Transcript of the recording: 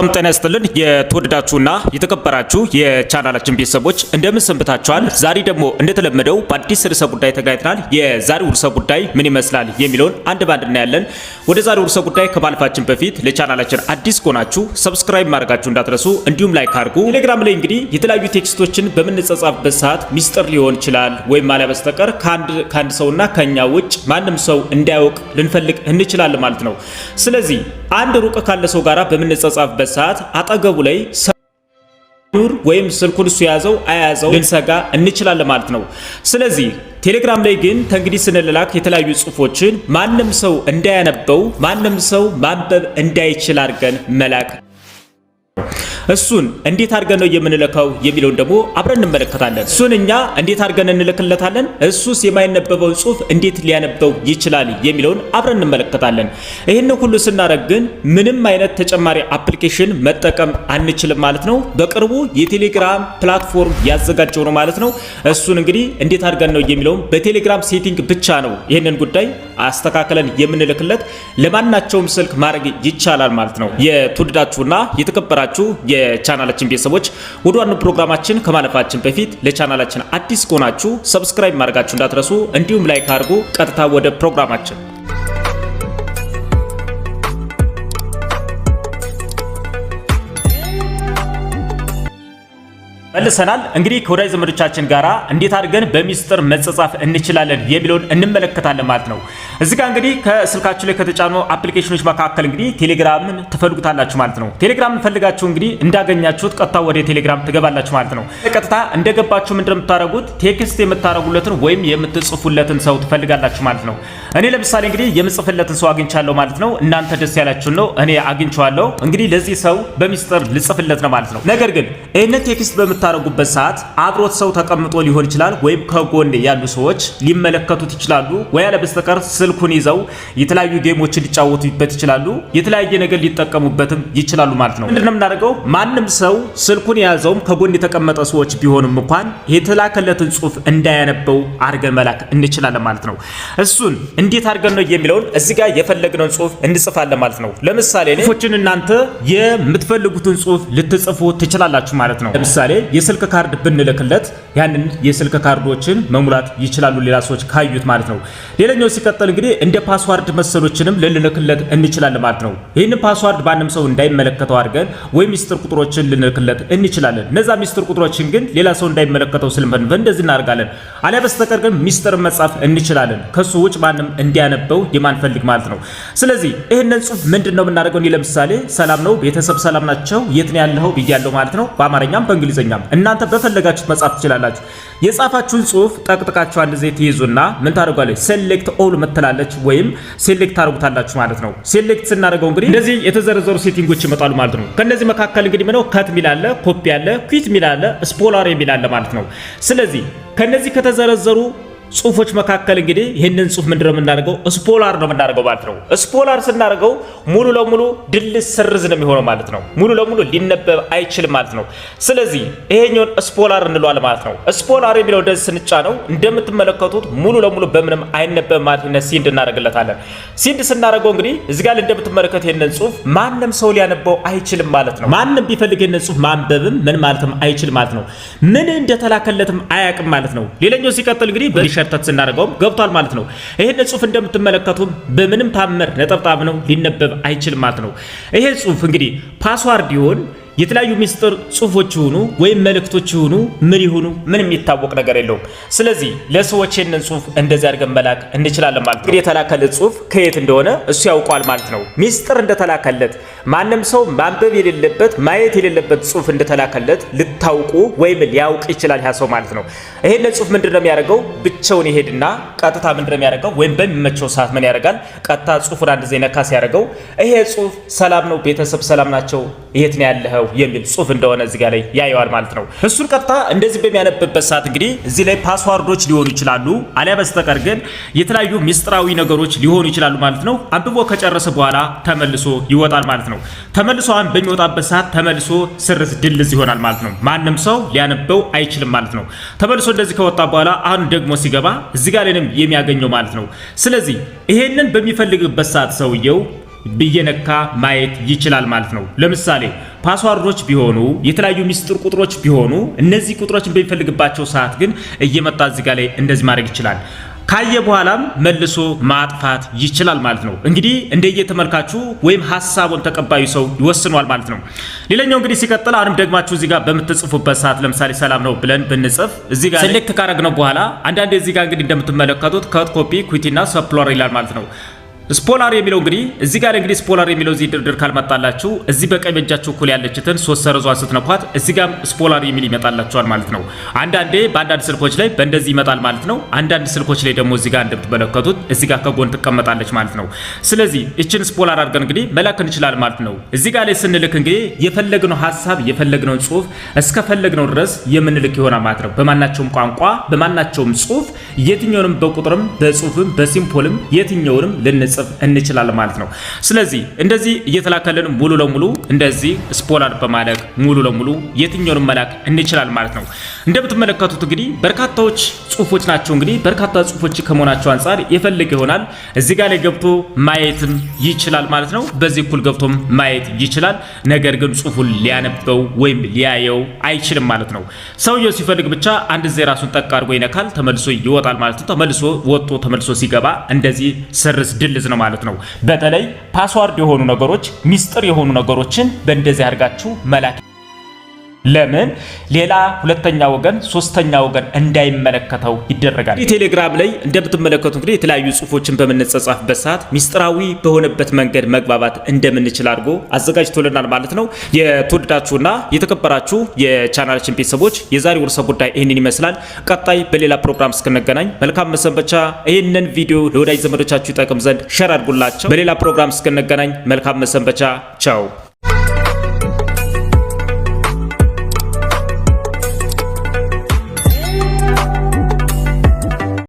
በጣም ጤና ይስጥልን የተወደዳችሁና የተከበራችሁ የቻናላችን ቤተሰቦች እንደምን ሰንብታችኋል? ዛሬ ደግሞ እንደተለመደው በአዲስ ርዕሰ ጉዳይ ተገናኝተናል። የዛሬው ርዕሰ ጉዳይ ምን ይመስላል የሚለውን አንድ ባንድ እናያለን። ወደ ዛሬው ርዕሰ ጉዳይ ከማለፋችን በፊት ለቻናላችን አዲስ ከሆናችሁ ሰብስክራይብ ማድረጋችሁ እንዳትረሱ፣ እንዲሁም ላይክ አድርጉ። ቴሌግራም ላይ እንግዲህ የተለያዩ ቴክስቶችን በምንጸጻፍበት ሰዓት ሚስጥር ሊሆን ይችላል ወይም አለ በስተቀር ከአንድ ሰውና ከኛ ውጭ ማንም ሰው እንዳያውቅ ልንፈልግ እንችላለን ማለት ነው። ስለዚህ አንድ ሩቅ ካለ ሰው ጋራ በምንጸጻፍበት በሚያልፍበት ሰዓት አጠገቡ ላይ ዱር ወይም ስልኩን እሱ ያዘው አያዘው ልንሰጋ እንችላለን ማለት ነው። ስለዚህ ቴሌግራም ላይ ግን ተንግዲህ ስንላክ የተለያዩ ጽሁፎችን ማንም ሰው እንዳያነበው ማንም ሰው ማንበብ እንዳይችል አድርገን መላክ እሱን እንዴት አድርገን ነው የምንለከው የሚለውን ደግሞ አብረን እንመለከታለን። እሱን እኛ እንዴት አድርገን እንልክለታለን፣ እሱስ የማይነበበውን ጽሁፍ እንዴት ሊያነበው ይችላል የሚለውን አብረን እንመለከታለን። ይህን ሁሉ ስናደርግ ግን ምንም አይነት ተጨማሪ አፕሊኬሽን መጠቀም አንችልም ማለት ነው። በቅርቡ የቴሌግራም ፕላትፎርም ያዘጋጀው ነው ማለት ነው። እሱን እንግዲህ እንዴት አድርገን ነው የሚለውን በቴሌግራም ሴቲንግ ብቻ ነው ይህንን ጉዳይ አስተካክለን የምንልክለት። ለማናቸውም ስልክ ማድረግ ይቻላል ማለት ነው። የትውልዳችሁና የተከበራ የተከበራችሁ የቻናላችን ቤተሰቦች ወደ ዋናው ፕሮግራማችን ከማለፋችን በፊት ለቻናላችን አዲስ ከሆናችሁ ሰብስክራይብ ማድረጋችሁ እንዳትረሱ፣ እንዲሁም ላይክ አድርጉ። ቀጥታ ወደ ፕሮግራማችን መልሰናል። እንግዲህ ከወዳጅ ዘመዶቻችን ጋራ እንዴት አድርገን በሚስጥር መጸጻፍ እንችላለን የሚለውን እንመለከታለን ማለት ነው። እዚ ጋ እንግዲህ ከስልካችሁ ላይ ከተጫኑ አፕሊኬሽኖች መካከል እንግዲህ ቴሌግራምን ትፈልጉታላችሁ ማለት ነው። ቴሌግራምን ፈልጋችሁ እንግዲህ እንዳገኛችሁት ቀጥታ ወደ ቴሌግራም ትገባላችሁ ማለት ነው። ቀጥታ እንደገባችሁ ምንድን ነው ቴክስት የምታደርጉለትን ወይም የምትጽፉለትን ሰው ትፈልጋላችሁ ማለት ነው። እኔ ለምሳሌ እንግዲህ የምጽፍለትን ሰው አግኝቻለሁ ማለት ነው። እናንተ ደስ ያላችሁን ነው፣ እኔ አግኝቼዋለሁ። እንግዲህ ለዚህ ሰው በሚስጥር ልጽፍለት ነው ማለት ነው። ነገር ግን ይህንን ቴክስት በምታደርጉበት ሰዓት አብሮት ሰው ተቀምጦ ሊሆን ይችላል፣ ወይም ከጎን ያሉ ሰዎች ሊመለከቱት ይችላሉ። ወይ ያለ በስተቀር ስልኩን ይዘው የተለያዩ ጌሞችን ሊጫወቱበት ይችላሉ። የተለያየ ነገር ሊጠቀሙበትም ይችላሉ ማለት ነው። ምንድነው የምናደርገው? ማንም ሰው ስልኩን የያዘውም ከጎን የተቀመጠ ሰዎች ቢሆንም እንኳን የተላከለትን ጽሁፍ እንዳያነበው አድርገን መላክ እንችላለን ማለት ነው። እሱን እንዴት አድርገን ነው የሚለውን እዚህ ጋር የፈለግነውን ጽሁፍ እንጽፋለን ማለት ነው። ለምሳሌ ጽሁፎችን እናንተ የምትፈልጉትን ጽሁፍ ልትጽፉ ትችላላችሁ ማለት ነው። ለምሳሌ የስልክ ካርድ ብንልክለት ያንን የስልክ ካርዶችን መሙላት ይችላሉ ሌላ ሰዎች ካዩት ማለት ነው። ሌላኛው ሲቀጥል እንግዲህ እንደ ፓስዋርድ መሰሎችንም ልንልክለት እንችላለን ማለት ነው። ይህንን ፓስዋርድ ማንም ሰው እንዳይመለከተው አድርገን ወይም ሚስጥር ቁጥሮችን ልንልክለት እንችላለን። እነዛ ሚስጥር ቁጥሮችን ግን ሌላ ሰው እንዳይመለከተው ስለምንፈልግ እንደዚህ እናደርጋለን። አሊያ በስተቀር ግን ሚስጥር መጻፍ እንችላለን ከሱ ውጭ ማንም እንዲያነበው የማንፈልግ ማለት ነው። ስለዚህ ይህንን ጽሁፍ ምንድን ነው የምናደርገው? ለምሳሌ ሰላም ነው ቤተሰብ ሰላም ናቸው የት ነው ያለው ብያለሁ ማለት ነው። በአማርኛም በእንግሊዝኛም እናንተ በፈለጋችሁት መጻፍ ትችላላችሁ። የጻፋችሁን ጽሁፍ ጠቅጥቃችሁ አንድ ዜ ትይዙና ምን ታደርጓለች? ሴሌክት ኦል ምትላለች ወይም ሴሌክት ታደርጉታላችሁ ማለት ነው። ሴሌክት ስናደርገው እንግዲህ እንደዚህ የተዘረዘሩ ሴቲንጎች ይመጣሉ ማለት ነው። ከእነዚህ መካከል እንግዲህ ምነው ከት ሚላለ፣ ኮፒ ያለ፣ ኩዊት ሚላለ፣ ስፖላር ሚላለ ማለት ነው። ስለዚህ ከነዚህ ከተዘረዘሩ ጽሁፎች መካከል እንግዲህ ይህንን ጽሁፍ ምንድነው የምናደርገው? ስፖላር ነው የምናደርገው ማለት ነው። ስፖላር ስናደርገው ሙሉ ለሙሉ ድልስ ስርዝ ነው የሚሆነው ማለት ነው። ሙሉ ለሙሉ ሊነበብ አይችልም ማለት ነው። ስለዚህ ይሄኛውን ስፖላር እንለዋል ማለት ነው። ስፖላር የሚለው ደስ ስንጫ ነው እንደምትመለከቱት ሙሉ ለሙሉ በምንም አይነበብ ማለት ነው። ሲንድ እናደርግለታለን። ሲንድ ስናደርገው እንግዲህ እዚህ ጋር እንደምትመለከቱ ይህንን ጽሁፍ ማንም ሰው ሊያነበው አይችልም ማለት ነው። ማንም ቢፈልግ ይህንን ጽሁፍ ማንበብም ምን ማለትም አይችልም ማለት ነው። ምን እንደተላከለትም አያውቅም ማለት ነው። ሌላኛው ሲቀጥል እንግዲህ ሸርተት ስናደርገውም ገብቷል ማለት ነው። ይህን ጽሁፍ እንደምትመለከቱም በምንም ታመር ነጠብጣብ ነው፣ ሊነበብ አይችልም ማለት ነው። ይሄ ጽሁፍ እንግዲህ ፓስዋርድ ይሆን የተለያዩ ሚስጥር ጽሁፎች ይሁኑ ወይም መልእክቶች ይሁኑ ምን ይሁኑ ምን የሚታወቅ ነገር የለውም። ስለዚህ ለሰዎች ይህንን ጽሁፍ እንደዚህ አድርገን መላክ እንችላለን ማለት ነው። እንግዲህ የተላከለት ጽሁፍ ከየት እንደሆነ እሱ ያውቋል ማለት ነው። ሚስጥር እንደተላከለት ማንም ሰው ማንበብ የሌለበት ማየት የሌለበት ጽሁፍ እንደተላከለት ልታውቁ ወይም ሊያውቅ ይችላል ያ ሰው ማለት ነው። ይሄን ጽሁፍ ምንድን ነው የሚያደርገው? ብቻውን ይሄድና ቀጥታ ምንድን ነው የሚያደርገው? ወይም በሚመቸው ሰዓት ምን ያደርጋል? ቀጥታ ጽሁፉን አንድ ዜና ካስ ያደርገው። ይሄ ጽሁፍ ሰላም ነው፣ ቤተሰብ ሰላም ናቸው፣ የት ነው ያለኸው የሚል ጽሁፍ እንደሆነ እዚህ ጋር ላይ ያየዋል ማለት ነው። እሱን ቀጥታ እንደዚህ በሚያነብበት ሰዓት እንግዲህ እዚህ ላይ ፓስዋርዶች ሊሆኑ ይችላሉ፣ አሊያ በስተቀር ግን የተለያዩ ሚስጥራዊ ነገሮች ሊሆኑ ይችላሉ ማለት ነው። አንብቦ ከጨረሰ በኋላ ተመልሶ ይወጣል ማለት ነው። ነው። ተመልሶ አሁን በሚወጣበት ሰዓት ተመልሶ ስርዝ ድልዝ ይሆናል ማለት ነው። ማንም ሰው ሊያነበው አይችልም ማለት ነው። ተመልሶ እንደዚህ ከወጣ በኋላ አሁን ደግሞ ሲገባ እዚህ ጋር ላይም የሚያገኘው ማለት ነው። ስለዚህ ይሄንን በሚፈልግበት ሰዓት ሰውየው ብየነካ ማየት ይችላል ማለት ነው። ለምሳሌ ፓስዋርዶች ቢሆኑ የተለያዩ ሚስጥር ቁጥሮች ቢሆኑ እነዚህ ቁጥሮችን በሚፈልግባቸው ሰዓት ግን እየመጣ እዚህ ጋር ላይ እንደዚህ ማድረግ ይችላል። ካየ በኋላም መልሶ ማጥፋት ይችላል ማለት ነው። እንግዲህ እንደየተመልካቹ ወይም ሀሳቡን ተቀባዩ ሰው ይወስኗል ማለት ነው። ሌላኛው እንግዲህ ሲቀጥል አሁንም ደግማችሁ እዚህ ጋር በምትጽፉበት ሰዓት ለምሳሌ ሰላም ነው ብለን ብንጽፍ እዚህ ጋር ሴሌክት ካረግነው በኋላ አንዳንዴ እዚህ ጋር እንግዲህ እንደምትመለከቱት ከት ኮፒ ኩዊቲና ሰፕሎር ይላል ማለት ነው። ስፖላር የሚለው እንግዲህ እዚህ ጋር እንግዲህ ስፖላር የሚለው እዚህ ድርድር ካልመጣላችሁ እዚህ በቀኝ በእጃችሁ እኩል ያለችትን ሶስት ሰረዟን ስትነኳት እዚህ ጋር ስፖላር የሚል ይመጣላችኋል ማለት ነው። አንዳንዴ በአንዳንድ ስልኮች ላይ በእንደዚህ ይመጣል ማለት ነው። አንዳንድ ስልኮች ላይ ደግሞ እዚህ ጋር እንደምትመለከቱት እዚህ ጋር ከጎን ትቀመጣለች ማለት ነው። ስለዚህ እችን ስፖላር አድርገን እንግዲህ መላክ እንችላል ማለት ነው። እዚህ ጋር ላይ ስንልክ እንግዲህ የፈለግነው ሀሳብ የፈለግነውን ጽሁፍ እስከፈለግነው ድረስ የምንልክ ይሆናል ማለት ነው። በማናቸውም ቋንቋ በማናቸውም ጽሁፍ የትኛውንም በቁጥርም በጽሁፍም በሲምፖልም የትኛውንም ልንጽ ልንጽፍ እንችላለን ማለት ነው። ስለዚህ እንደዚህ እየተላከልን ሙሉ ለሙሉ እንደዚህ ስፖላር በማለቅ ሙሉ ለሙሉ የትኛውንም መላክ እንችላለን ማለት ነው። እንደምትመለከቱት እንግዲህ በርካታዎች ጽሁፎች ናቸው። እንግዲህ በርካታ ጽሁፎች ከመሆናቸው አንጻር የፈልግ ይሆናል እዚህ ጋር ላይ ገብቶ ማየትም ይችላል ማለት ነው። በዚህ እኩል ገብቶም ማየት ይችላል። ነገር ግን ጽሁፉን ሊያነበው ወይም ሊያየው አይችልም ማለት ነው። ሰውየው ሲፈልግ ብቻ አንድ ዜ ራሱን ጠቅ አድርጎ ይነካል፣ ተመልሶ ይወጣል ማለት ነው። ተመልሶ ወጥቶ ተመልሶ ሲገባ እንደዚህ ስርስ ድልዝ ነው ማለት ነው። በተለይ ፓስዋርድ የሆኑ ነገሮች ሚስጥር የሆኑ ነገሮችን በእንደዚህ አድርጋችሁ መላክ ለምን ሌላ ሁለተኛ ወገን ሶስተኛ ወገን እንዳይመለከተው ይደረጋል። ቴሌግራም ላይ እንደምትመለከቱ እንግዲህ የተለያዩ ጽሁፎችን በምንጸጻፍበት ሰዓት ሚስጥራዊ በሆነበት መንገድ መግባባት እንደምንችል አድርጎ አዘጋጅቶልናል ማለት ነው። የተወደዳችሁና የተከበራችሁ የቻናላችን ቤተሰቦች የዛሬው ርዕሰ ጉዳይ ይህንን ይመስላል። ቀጣይ በሌላ ፕሮግራም እስክንገናኝ መልካም መሰንበቻ። ይህንን ቪዲዮ ለወዳጅ ዘመዶቻችሁ ይጠቅም ዘንድ ሸር አድርጉላቸው። በሌላ ፕሮግራም እስክንገናኝ መልካም መሰንበቻ። ቻው